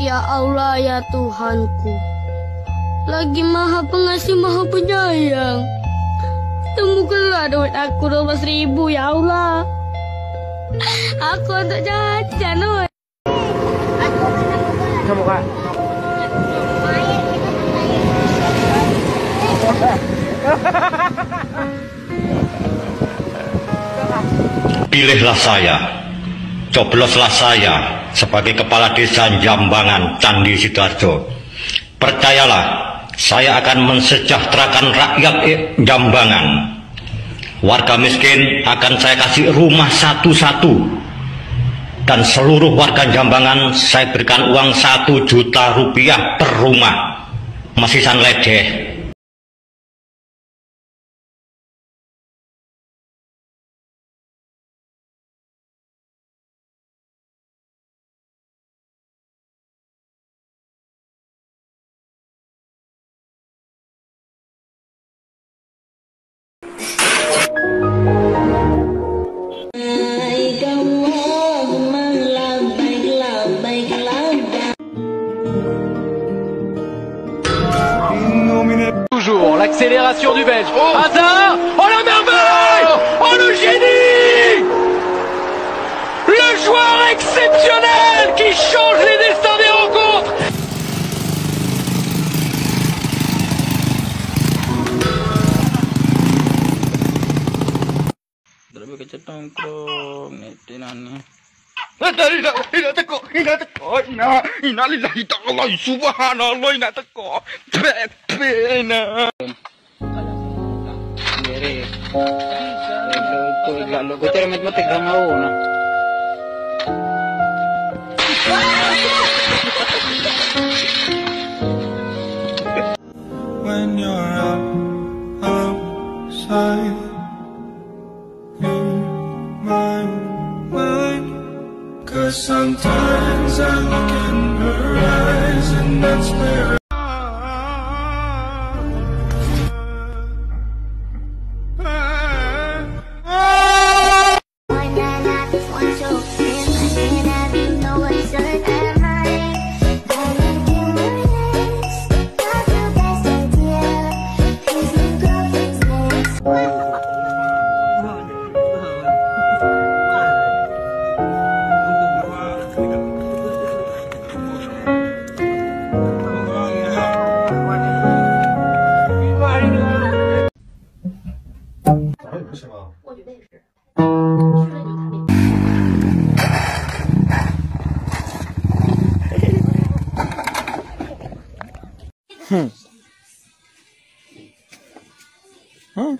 Ya Allah ya Tuhanku Lagi maha pengasih maha penyayang Temukanlah duit aku 12 ribu ya Allah Aku untuk jajan Nur Kamu kak Pilihlah saya cobloslah saya sebagai kepala desa Jambangan Candi Sidoarjo. Percayalah, saya akan mensejahterakan rakyat Jambangan. Warga miskin akan saya kasih rumah satu-satu dan seluruh warga Jambangan saya berikan uang satu juta rupiah per rumah. Masih san ledeh. rations du Belge. Oh. Hazard Oh la merveille oh. le génie Le joueur exceptionnel qui change les destins des rencontres When you're out, outside in my mind Cause sometimes I look in her eyes and that's where 早有是吗？我觉得也是。去了就打脸。哼。嗯。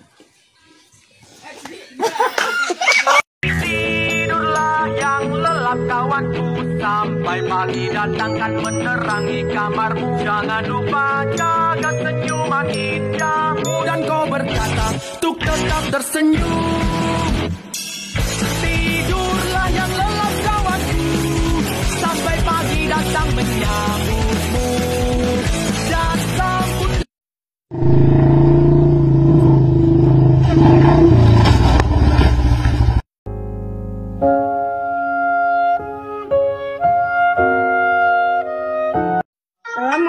Tidurlah yang lelap kawanku sampai pagi datangkan menerangi kamarmu Jangan lupa jaga senyuman indahmu Dan kau berkata untuk tetap tersenyum Tidurlah yang lelap kawanku Sampai pagi datang menyambutmu Dan sambut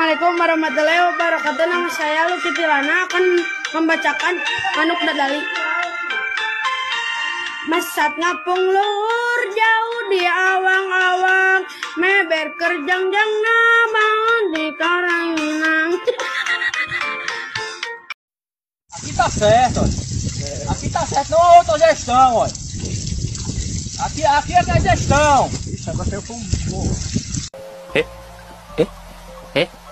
Assalamualaikum warahmatullahi wabarakatuh. Nama saya Luki Tilana akan membacakan Manuk Dadali. Masat ngapung luhur jauh di awang-awang Meber kerjang-jang namun di karayunang Aquí está certo, aqui está certo, não outra gestão, olha. Aqui, aqui é a gestão. Isso, agora eu fui um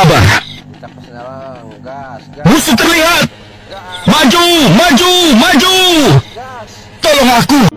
sabar. Musuh terlihat. Maju, maju, maju. Tolong aku.